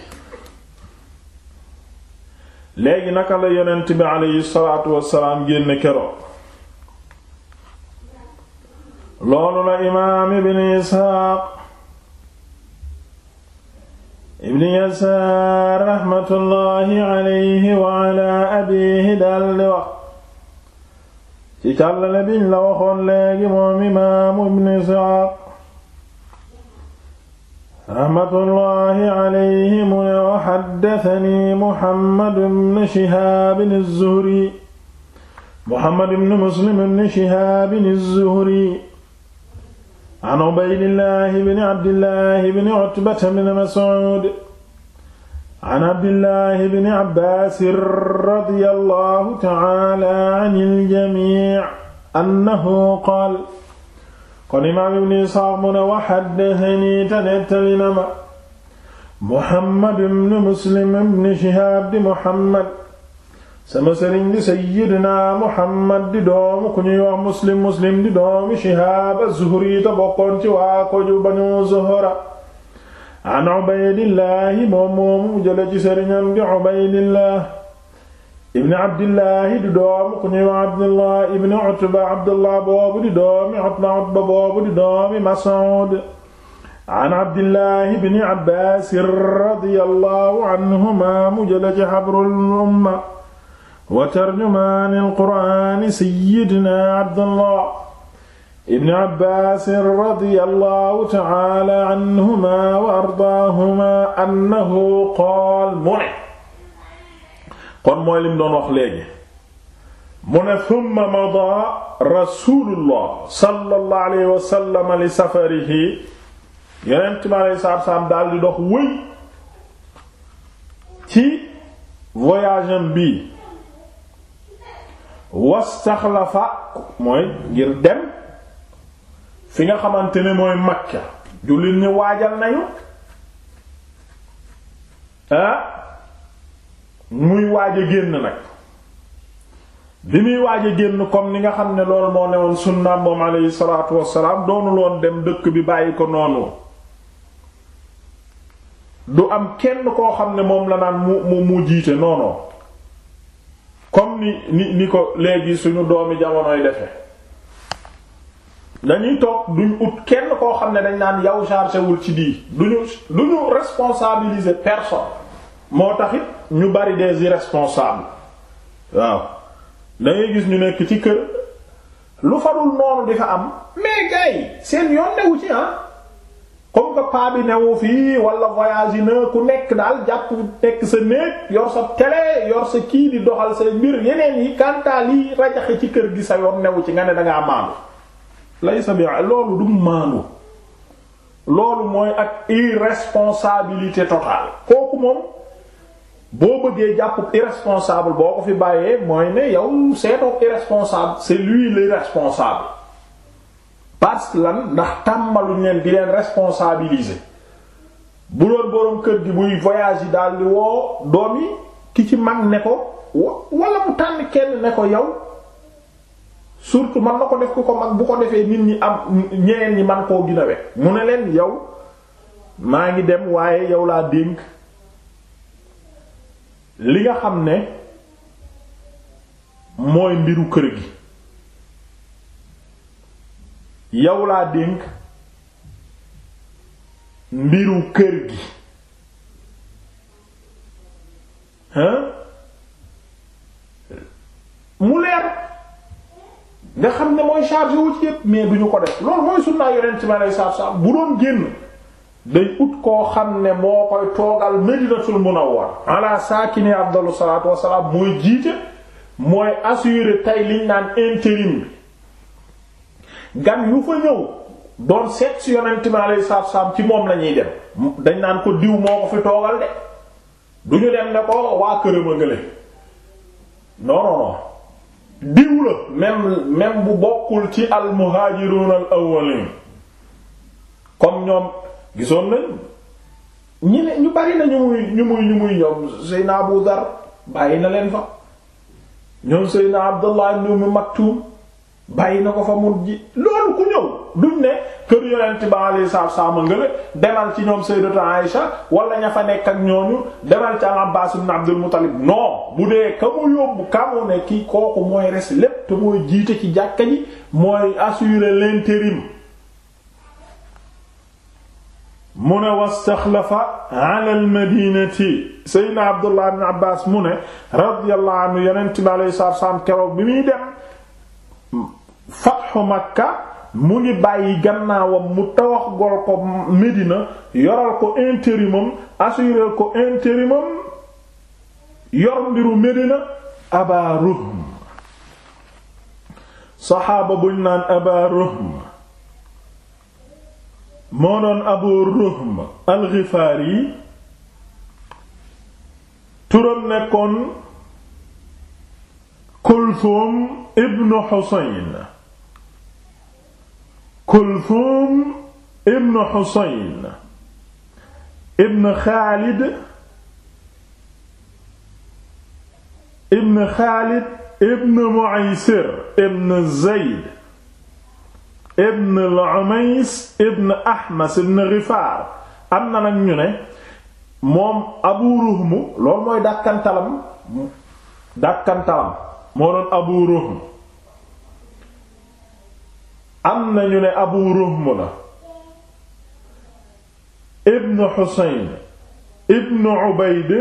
léegi naka la yonent bi aleyhi salaatu wassalaam génn keroog loolu la imaam ibn isxaaq ibn yasaar raxmatullaahi wa ala daldi wax ci càllale biñ la waxoon léegi moom imaamu ibn Isxaaq raxmatullaahi alayhi mu ne wa xaddatani Muhammad ibn Shihaab az-Zuhri Muhammad ibn Muslim ibn Shihaab az-Zuhri an Ubaydillaahi ibn Abdillaahi ibn Utbata ibn Mas'uud an abdillah ibn abbaas radiyallahu ta'ala anil jamii' annahu qaal kon imaam ibn Isxaaq mu ne wa haddathanii te nettali na ma Muhammad ibn Muslim ibn Shihaab di Muhammad sama sëriñ di sayyidina Muhammad di doomu ku ñuy wax Muslim Muslim di doomu Shihaab az-Zuhri te bokkoon ci waa ko ju Banu Zuhra an ubaydillaahi moom moomu jële ci sëriñam di ubaydillah ibni abdillahi di doomu ku ñuy wax abdullah ibni utba abdullah boobu di doomi utba utba boobu di doomi mas'ud an abdillahi ibni abbaas radiyallahu anhuma mu jële ci habrul umma wa tarjumaanil qur'aani sayyidina abdullah ibni aabbasin radia allahu taala anhuma wa ardaahuma annahu qaal mu ne kon mooy lim doon wax léegi mu ne thumma mada rasulullah sallallahu alayhi wa sallam li safarihi yonent mi alayhi salaatu salaam daal di dox wëy ci voyage am bi wastaxlafa mooy ngir dem fi nga xamante ne mooy Makka jullit ñi waajal nañu ah muy waaj génn nag bi muy waaj génn comme ni nga xam ne loolu moo newoon sunna moom alayhi salaatu wassalaam doonuloon dem dëkk bi bàyyi ko noonu du am kenn koo xam ne moom la naan mu mu mu jiite noonu comme ni ni ni ko léegi suñu doomi jamonoy defe dañuy toog duñ ut kenn koo xam ne dañ naan yow chargé wul ci di duñu duñu responsabiliser personne moo taxit ñu bari des irresponsables waaw da gis ñu nekk ci kër lu farul noonu di fa am mais gars seen yoon newu ci ah comme que paa bi newu fii wala voyage yi na ku nekk daal jàpp nekk sa néeg yor sa télé yor sa kii di doxal sa mbir yeneen yi kantaal yi rajaxe ci kër gi sa yoon newu ci nga ne da ngaa laysa bi loolu du maandu loolu mooy ak irresponsabilité totale kooku moom boo bëggee jàpp irresponsable boo ko fi bàyyee mooy ne yow seetoo irresponsable c'est lui l'irresponsable parce que lan ndax tàmmaluñ leen di leen responsabiliser bu doon boroom kër gi buy voyage yi daal di woo doom yi ki ci mag ne ko wala mu tànn kenn ne ko yow surtout man na ko def ku ko mag bu ko defee nit ñi am ñeneen ñi man koo ginawe mu ne leen yow maa ngi dem waaye yow laa dénk li nga xam ne mooy mbiru kër gi yow laa dénk mbiru kër gi hein mu leer nga xam ne mooy chargé wu ci yépp mais duñu ko def loolu mooy sunnaa yonent bi alayhi salaatu salaam bu doon génn day ut koo xam ne moo koy toogal Madinatul Munawwar ala saakini afdalu salaatu wassalaam mooy jiite mooy assurer tey liñ naan intérim bi gan yu fa ñëw doon seet si yonent bi alayhi salaatu ci moom lañuy dem dañ naan ko diw moo ko fi toogal de duñu dem ne ko waa këram a ngële non non diw la même bu bokkul ci al muhajirun al awwalin comme ñoom gisoon nañ ñi ñu bari na ñu muy ñu muy ñu muy ñoom Seyna Abu Dar bàyyi na leen fa ñoom Seyna Abdullah ibn Maktum bàyyi na ko fa mun ji loolu ku ñëw duñ ne kër yonent ba alayhi salaam ngële demal ci ñoom sayyidatu Aisha wala ña fa nekk ak ñooñu demal ci al-Abbaas ibn Abdul Muttalib non bu dee ka mu ne kii kooku mooy res lépp te mooy jiite ci jàkka ji mooy assurer l'intérim mu ne wastaxlafa ala almadinati sayyidina Abdullah ibn Abbaas mu ne radiyallahu anhu yonent bi alayhi salaam keroog bi muy dem fatxu makka mu ngi bàyyi gannaawam mu tawax gol ko Medina yoral ko intérimam assurer ko intérimam yor mbiru Medina Aba Ruhm saxaaba buñ naan Aba Ruhm moo doon Abu Ruhm al-Ghifari turam nekkoon Kulthum ibnu Husayn Kulthum ibn Husayn ibn Khalid ibn Khalid ibn Mu'aysir ibn Zayd ibn al-Umays ibn Ahmas ibn Ghifaar am na nag ñu ne moom Abu Ruhm loolu mooy dàkkantalam dàkkantalam moo doon Abu Ruhm am na ñu ne abu ruhm la ibn xusayn ibn ubayd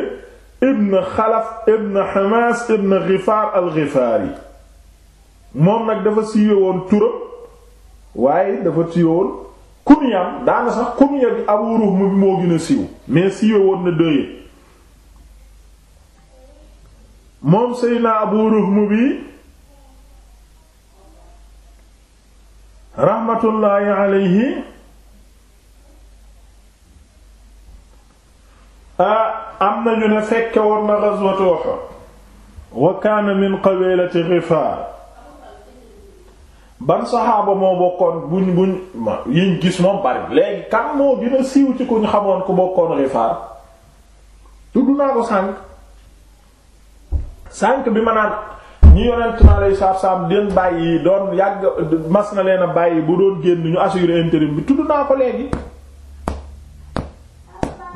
ibn xalaf ibn xamaas ibn gifaar al gifaari moom nag dafa siiwe woon turam waaye dafa siiwe woon kunyam daana sax kunya bi abu ruhm bi moo gën a siiw mais siiwe woon na dëye moom seyna abu ruhm bi raxmatullaahi alayhi ah, am nañu ne fekke woon na gazwatu Uhud wa kaana min qabilati Ghifaar ban saxaaba moo bokkoon buñ buñ yiñ gis moom bari léegi kan moo gën siiw ci ku xamoon ku bokkoon Ghifaar tudd naa ko sànk sànk bi ma naan ñi yonent mi alayhi salaatu bàyyi doon yàgg mas na leen a bàyyi bu doon génn ñu assurer intérim bi tudd naa ko léegi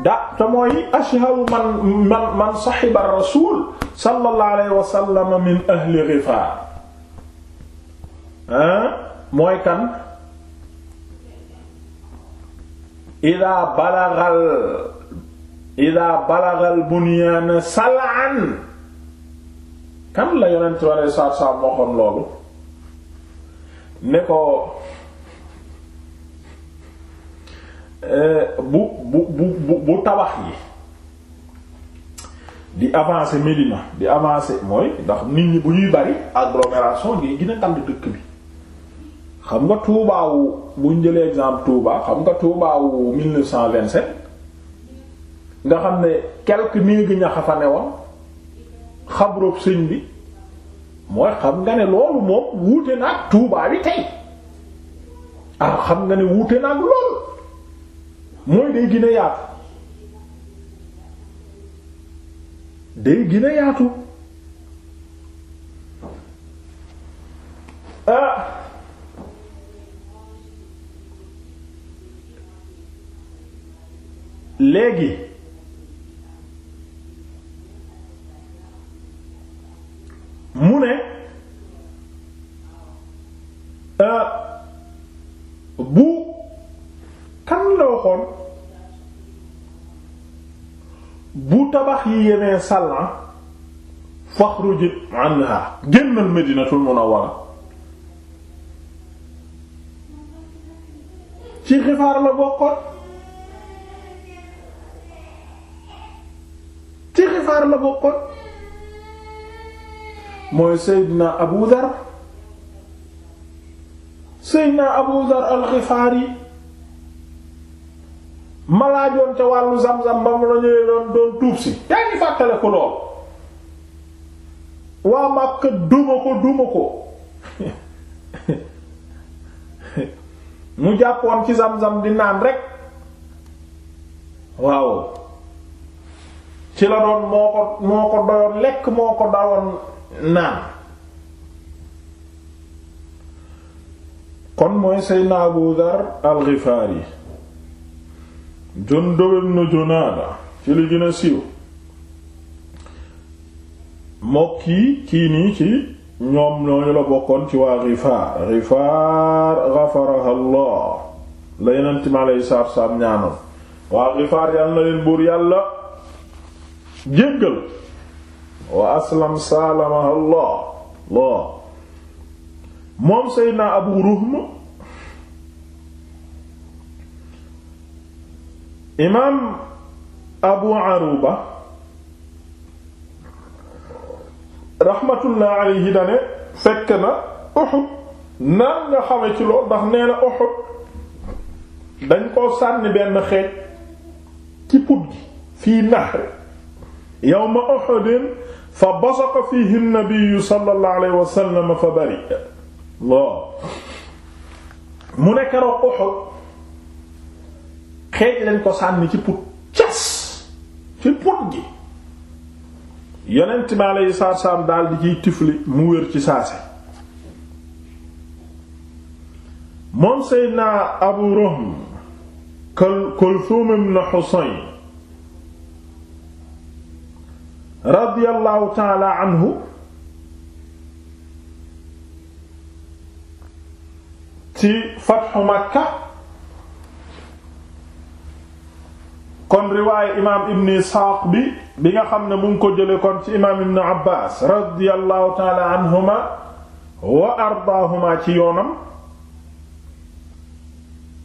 da te mooy ashharu man man man sahiba rasul alayhi wa min ahli Ghifaar mooy kan ida balagal ida balagal bunyaana salaan kan la yonent ware saab saab waxoon loolu ne ko eh, bu bu bu bu tabax yi di avancer Médina di avancé mooy ndax nit ñi bu ñuy bari agglomération di gën a tàng dëkk bi xam nga tuubaawu buñ jëlee exemple Touba xam nga tuubaawu 1927 nga xam ne quelques néegi ñax a fa newoon xabroog sëñ bi mooy xam nga ne loolu moom wuute naag Tuubaa bi tey ah xam nga ne wuute naag loolu mooy day gën a yaatu day gën yaatu ah. léegi tabax yi yemee sàllan faxruj anha génnal medinatul munawwara ci xifaar la bokkoon ci xifaar la bokkoon mooy Seydina Abu Dar Seydina Abu Dar al ma laajoon ca wàllu zam-zam ba mu la ñëwee doon doon tuub si yaa ngi fàttale ko lool waa Makka duma ko duma ko mu jàppoon ci zam-zam di naan rek waaw ci la doon moo ko moo ko doyoon lekk moo ko dawoon naan kon mooy Seydina Abu Dhar al-Ghifari Jundub ibn Junaada ci li gën a siiw mokk yi kii nii ci ñoom ñooñu la bokkoon ci waa Gifaar Gifaar gafaraha Allah la yeneen time alay saab saab ñaanoon waa Gifaar yàlla na leen buur yàlla jéggal wa aslam saalamaha Allah moom Seydina Abu Ruhm imaam abu aruba raxmatullah alayhi dane fekk na Uhud naan nga xame ci loolu ndax nee na Uhud dañ koo sànni benn xeej ci put gi fii nahr yawma Uhudin fa basaqa fihi an-nabiyyu sallallahu alayhi wa sallam fa bari mu nekk roog Uhud xeej leen ko sànni ci put cas ci put gi yonent bi aleyhi salaatu salaam di ciy tifli mu wér ci saase moom seydna abu ruhm kulthum ibn husayn radiyallahu taala anhu ci fathu makka kon riwaaye imaam ibn isxaaq bi bi nga xam ne mu ngi ko jële kon ci imaam ibn abbaas radiyallahu taala anhuma wa ardaahuma ci yoonam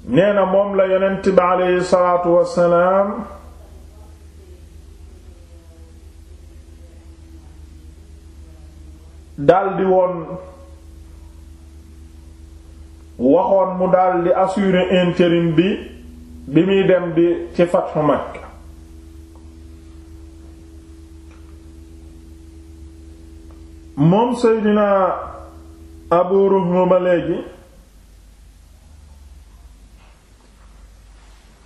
nee moom la yonent bi aleyhi salaatu wassalaam daldi woon waxoon mu daldi assurer intérim bi bi muy dem bi ci fatxu Makka moom Seydina Abu Ruhm ba léegi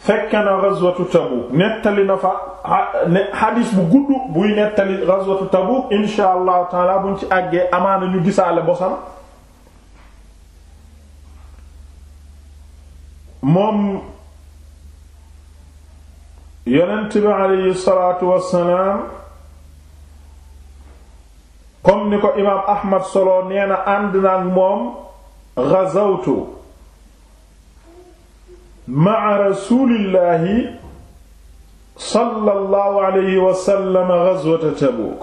fekk na ghazwatu Tabuk nettali na fa xadiis bu gudd buy nettali ghazwatu Tabuk insha allahu taala buñ ci àggee amaana ñu gisaale bosam moom yonent bi aleyhi salaatu wassalaam comme ni ko imaam ahmad solo nee na ànd naag moom ghazawtu ma'a rasuulillaahi sallallahu alayhi wa sallam ghazwata Tabuuk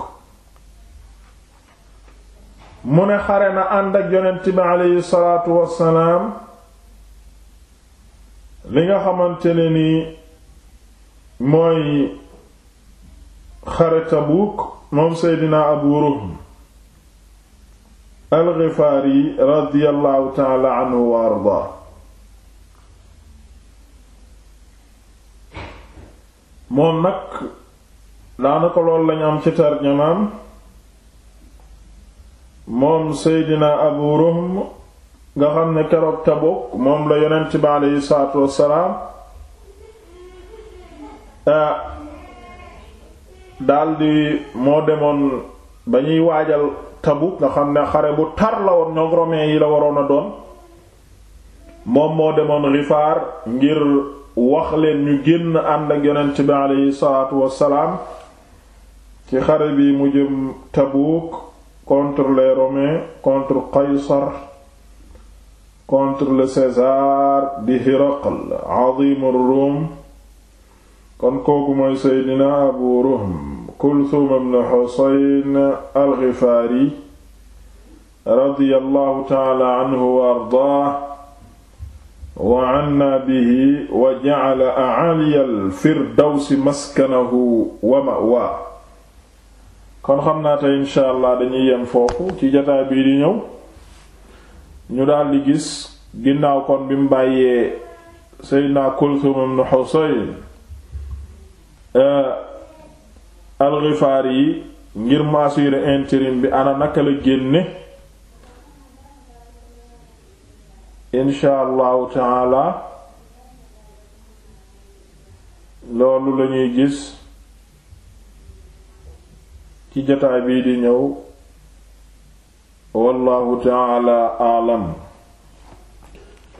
mu ne xare na ànd ak yonent bi aleyhi salaatu wassalaam li nga xamante ne nii mooy xare Tabuuk moom seydina Abu Ruhm al-Ghifaari radiyallahu anhu wa ardaa moom nag daanaka lool lañu am ci tarjamaam moom seydina Abu Ruhm nga xam ne keroog Tabuuk moom la yonent bi aleyhi salaatu wassalaam daldi moo demoon ba ñuy waajal Tabuk nga xam ne xare bu tar la woon ñoom romain yi la waroon a doon moom moo demoon Rifaar ngir wax leen ñu génn ànd ak yonent bi aleyhi salaatu wassalaam ci xare bi mu jëm Tabuk contre les romains contre Qaysar contre le César di Hiraql azimur Rum kon kooku mooy seydina abu ruhm kulthum ibn husayn al-ghifaari radiyallahu taala anhu wa ardaah wa anna bihi wa ja'ala a'aliya al-firdawsi maskanahu wa ma'waa kon xam naa tey insha allah dañuy yem foofu ci jotaay bii di ñëw ñu daldi gis ginnaaw kon bi mu bàyyee seydina kulthum ibn husayn Euh, alxifaari yi ngir maasure intérim bi ana naka la génne insha allahu taala loolu lañuy gis ci jotaay bii di ñëw wallahu taala alam